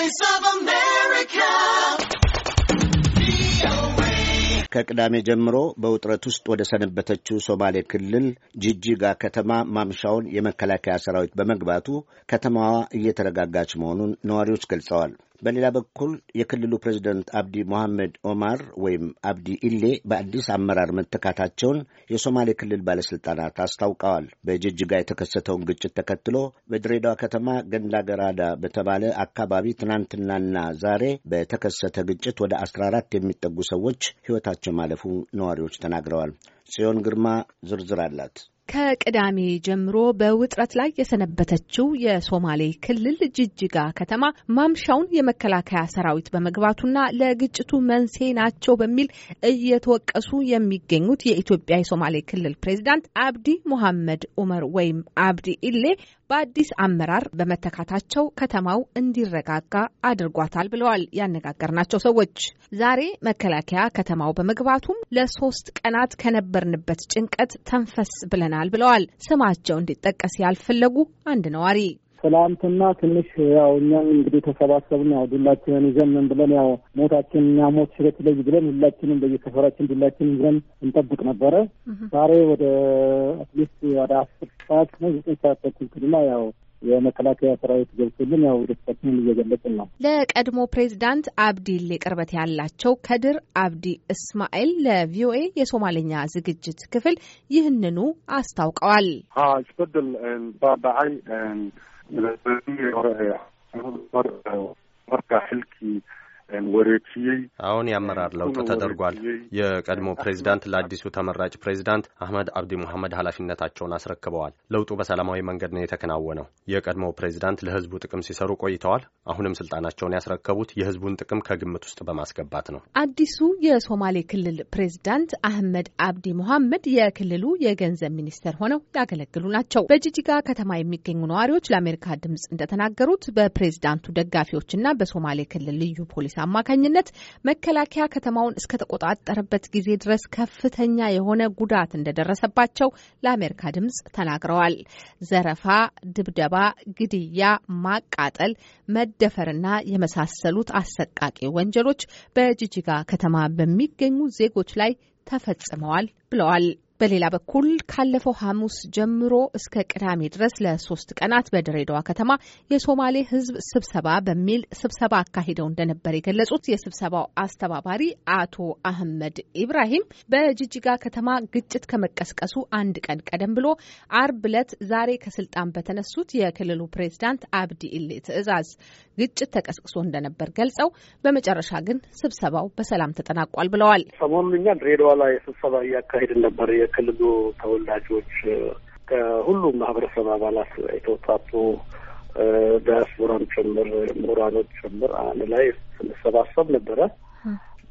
Voice of America. ከቅዳሜ ጀምሮ በውጥረት ውስጥ ወደ ሰነበተችው ሶማሌ ክልል ጅጅጋ ከተማ ማምሻውን የመከላከያ ሰራዊት በመግባቱ ከተማዋ እየተረጋጋች መሆኑን ነዋሪዎች ገልጸዋል። በሌላ በኩል የክልሉ ፕሬዚደንት አብዲ ሞሐመድ ኦማር ወይም አብዲ ኢሌ በአዲስ አመራር መተካታቸውን የሶማሌ ክልል ባለሥልጣናት አስታውቀዋል። በጅጅጋ የተከሰተውን ግጭት ተከትሎ በድሬዳዋ ከተማ ገንዳ ገራዳ በተባለ አካባቢ ትናንትናና ዛሬ በተከሰተ ግጭት ወደ 14 የሚጠጉ ሰዎች ሕይወታቸው ማለፉ ነዋሪዎች ተናግረዋል። ጽዮን ግርማ ዝርዝር አላት። ከቅዳሜ ጀምሮ በውጥረት ላይ የሰነበተችው የሶማሌ ክልል ጅጅጋ ከተማ ማምሻውን የመከላከያ ሰራዊት በመግባቱና ለግጭቱ መንስኤ ናቸው በሚል እየተወቀሱ የሚገኙት የኢትዮጵያ የሶማሌ ክልል ፕሬዚዳንት አብዲ ሙሐመድ ኡመር ወይም አብዲ ኢሌ በአዲስ አመራር በመተካታቸው ከተማው እንዲረጋጋ አድርጓታል ብለዋል ያነጋገርናቸው ሰዎች። ዛሬ መከላከያ ከተማው በመግባቱም ለሶስት ቀናት ከነበርንበት ጭንቀት ተንፈስ ብለናል ይሆናል ብለዋል። ስማቸው እንዲጠቀስ ያልፈለጉ አንድ ነዋሪ ትላንትና ትንሽ ያው እኛም እንግዲህ ተሰባሰብን ያው ዱላችንን ይዘን ብለን ያው ሞታችን እኛ ሞት ሽረት ለይ ብለን ሁላችንም በየሰፈራችን ዱላችን ይዘን እንጠብቅ ነበረ። ዛሬ ወደ አትሊስት ወደ አስር ሰዓት ነው ዘጠኝ ሰዓት ተኩል ያው የመከላከያ ሰራዊት ገብቶልን ያው ደስታችንን እየገለጽን ነው። ለቀድሞ ፕሬዚዳንት አብዲሌ ቅርበት ያላቸው ከድር አብዲ እስማኤል ለቪኦኤ የሶማሌኛ ዝግጅት ክፍል ይህንኑ አስታውቀዋል። አሁን የአመራር ለውጥ ተደርጓል። የቀድሞ ፕሬዚዳንት ለአዲሱ ተመራጭ ፕሬዚዳንት አህመድ አብዲ ሙሐመድ ኃላፊነታቸውን አስረክበዋል። ለውጡ በሰላማዊ መንገድ ነው የተከናወነው። የቀድሞ ፕሬዚዳንት ለህዝቡ ጥቅም ሲሰሩ ቆይተዋል። አሁንም ስልጣናቸውን ያስረከቡት የህዝቡን ጥቅም ከግምት ውስጥ በማስገባት ነው። አዲሱ የሶማሌ ክልል ፕሬዚዳንት አህመድ አብዲ ሙሐመድ የክልሉ የገንዘብ ሚኒስተር ሆነው ያገለግሉ ናቸው። በጂጂጋ ከተማ የሚገኙ ነዋሪዎች ለአሜሪካ ድምጽ እንደተናገሩት በፕሬዚዳንቱ ደጋፊዎችና በሶማሌ ክልል ልዩ ፖሊስ አማካኝነት መከላከያ ከተማውን እስከተቆጣጠረበት ጊዜ ድረስ ከፍተኛ የሆነ ጉዳት እንደደረሰባቸው ለአሜሪካ ድምጽ ተናግረዋል። ዘረፋ፣ ድብደባ፣ ግድያ፣ ማቃጠል፣ መደፈርና የመሳሰሉት አሰቃቂ ወንጀሎች በጂጂጋ ከተማ በሚገኙ ዜጎች ላይ ተፈጽመዋል ብለዋል። በሌላ በኩል ካለፈው ሐሙስ ጀምሮ እስከ ቅዳሜ ድረስ ለሶስት ቀናት በድሬዳዋ ከተማ የሶማሌ ሕዝብ ስብሰባ በሚል ስብሰባ አካሂደው እንደነበር የገለጹት የስብሰባው አስተባባሪ አቶ አህመድ ኢብራሂም በጅጅጋ ከተማ ግጭት ከመቀስቀሱ አንድ ቀን ቀደም ብሎ አርብ ዕለት ዛሬ ከስልጣን በተነሱት የክልሉ ፕሬዚዳንት አብዲ ኢሌ ትዕዛዝ ግጭት ተቀስቅሶ እንደነበር ገልጸው በመጨረሻ ግን ስብሰባው በሰላም ተጠናቋል ብለዋል። ሰሞኑን እኛ ድሬዳዋ ላይ ስብሰባ እያካሄድን ነበር። የክልሉ ተወላጆች ከሁሉም ማህበረሰብ አባላት የተወጣጡ ዳያስፖራም ጭምር ምሁራኖች ጭምር አንድ ላይ ስንሰባሰብ ነበረ።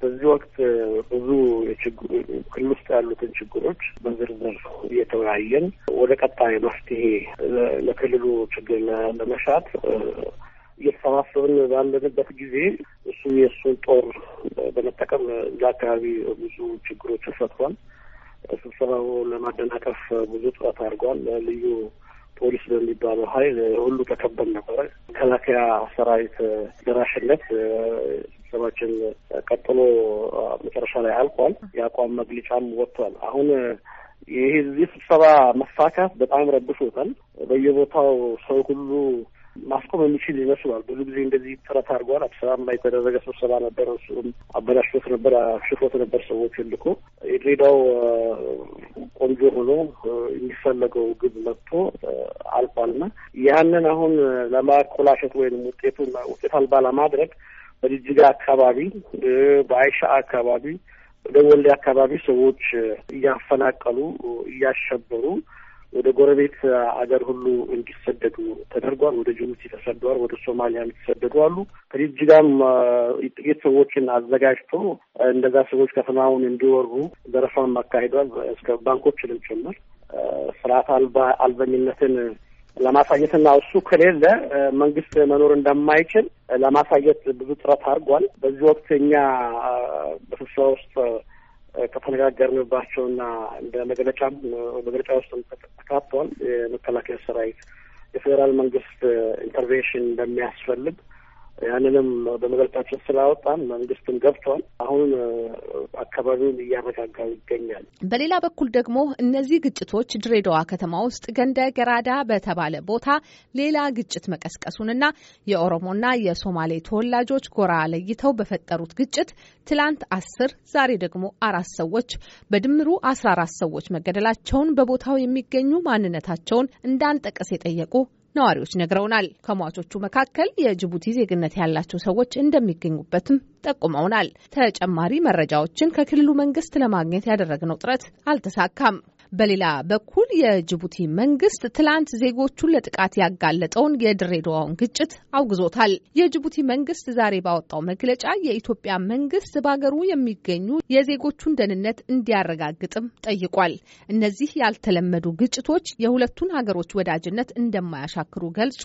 በዚህ ወቅት ብዙ ክልል ውስጥ ያሉትን ችግሮች በዝርዝር እየተወያየን ወደ ቀጣይ መፍትሄ ለክልሉ ችግር ለመሻት እየተሰባሰብን ባለንበት ጊዜ እሱ የእሱን ጦር በመጠቀም እዛ አካባቢ ብዙ ችግሮች ተፈጥሯል። ስብሰባው ለማደናቀፍ ብዙ ጥረት አድርጓል። ልዩ ፖሊስ በሚባለው ኃይል ሁሉ ተከበል ነበረ። መከላከያ ሰራዊት ደራሽነት ስብሰባችን ቀጥሎ መጨረሻ ላይ አልቋል። የአቋም መግለጫም ወጥቷል። አሁን ይህ ስብሰባ መሳካት በጣም ረብሾታል። በየቦታው ሰው ሁሉ ማስቆም የሚችል ይመስላል። ብዙ ጊዜ እንደዚህ ጥረት አድርጓል። አዲስ አበባም ላይ የተደረገ ስብሰባ ነበር። እሱም አበላሽቶት ነበር፣ አሽፎት ነበር። ሰዎች ልኮ የድሬዳው ቆንጆ ሆኖ የሚፈለገው ግብ መጥቶ አልፏልና ያንን አሁን ለማኮላሸት ወይም ውጤቱ ውጤት አልባ ለማድረግ በጅጅጋ አካባቢ፣ በአይሻ አካባቢ፣ በወልዴ አካባቢ ሰዎች እያፈናቀሉ እያሸበሩ ወደ ጎረቤት አገር ሁሉ እንዲሰደዱ ተደርጓል። ወደ ጅቡቲ ተሰደዋል። ወደ ሶማሊያ የሚሰደዱ አሉ። ከጅጅጋም ጥቂት ሰዎችን አዘጋጅቶ እንደዛ ሰዎች ከተማውን እንዲወሩ ዘረፋውን አካሂዷል። እስከ ባንኮችንም ጭምር ስርዓት አልባ አልበኝነትን ለማሳየትና እሱ ከሌለ መንግስት መኖር እንደማይችል ለማሳየት ብዙ ጥረት አድርጓል። በዚህ ወቅት እኛ በስብሰባ ውስጥ ከተነጋገርንባቸውና እንደ መግለጫም መግለጫ ውስጥ ተካቷል። የመከላከያ ሰራዊት የፌዴራል መንግስት ኢንተርቬንሽን እንደሚያስፈልግ ያንንም በመገልጣቸው ስላወጣን መንግስትም ገብቷል። አሁን አካባቢውን እያረጋጋ ይገኛል። በሌላ በኩል ደግሞ እነዚህ ግጭቶች ድሬዳዋ ከተማ ውስጥ ገንደ ገራዳ በተባለ ቦታ ሌላ ግጭት መቀስቀሱንና የኦሮሞና የሶማሌ ተወላጆች ጎራ ለይተው በፈጠሩት ግጭት ትላንት አስር ዛሬ ደግሞ አራት ሰዎች በድምሩ አስራ አራት ሰዎች መገደላቸውን በቦታው የሚገኙ ማንነታቸውን እንዳንጠቀስ የጠየቁ ነዋሪዎች ነግረውናል። ከሟቾቹ መካከል የጅቡቲ ዜግነት ያላቸው ሰዎች እንደሚገኙበትም ጠቁመውናል። ተጨማሪ መረጃዎችን ከክልሉ መንግስት ለማግኘት ያደረግነው ጥረት አልተሳካም። በሌላ በኩል የጅቡቲ መንግስት ትላንት ዜጎቹን ለጥቃት ያጋለጠውን የድሬዳዋውን ግጭት አውግዞታል። የጅቡቲ መንግስት ዛሬ ባወጣው መግለጫ የኢትዮጵያ መንግስት በሀገሩ የሚገኙ የዜጎቹን ደህንነት እንዲያረጋግጥም ጠይቋል። እነዚህ ያልተለመዱ ግጭቶች የሁለቱን ሀገሮች ወዳጅነት እንደማያሻክሩ ገልጾ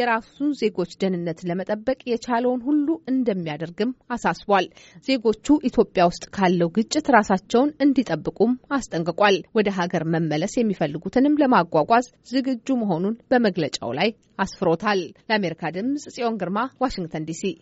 የራሱን ዜጎች ደህንነት ለመጠበቅ የቻለውን ሁሉ እንደሚያደርግም አሳስቧል። ዜጎቹ ኢትዮጵያ ውስጥ ካለው ግጭት ራሳቸውን እንዲጠብቁም አስጠንቅቋል። ወደ ሀገር መመለስ የሚፈልጉትንም ለማጓጓዝ ዝግጁ መሆኑን በመግለጫው ላይ አስፍሮታል። ለአሜሪካ ድምጽ ጽዮን ግርማ ዋሽንግተን ዲሲ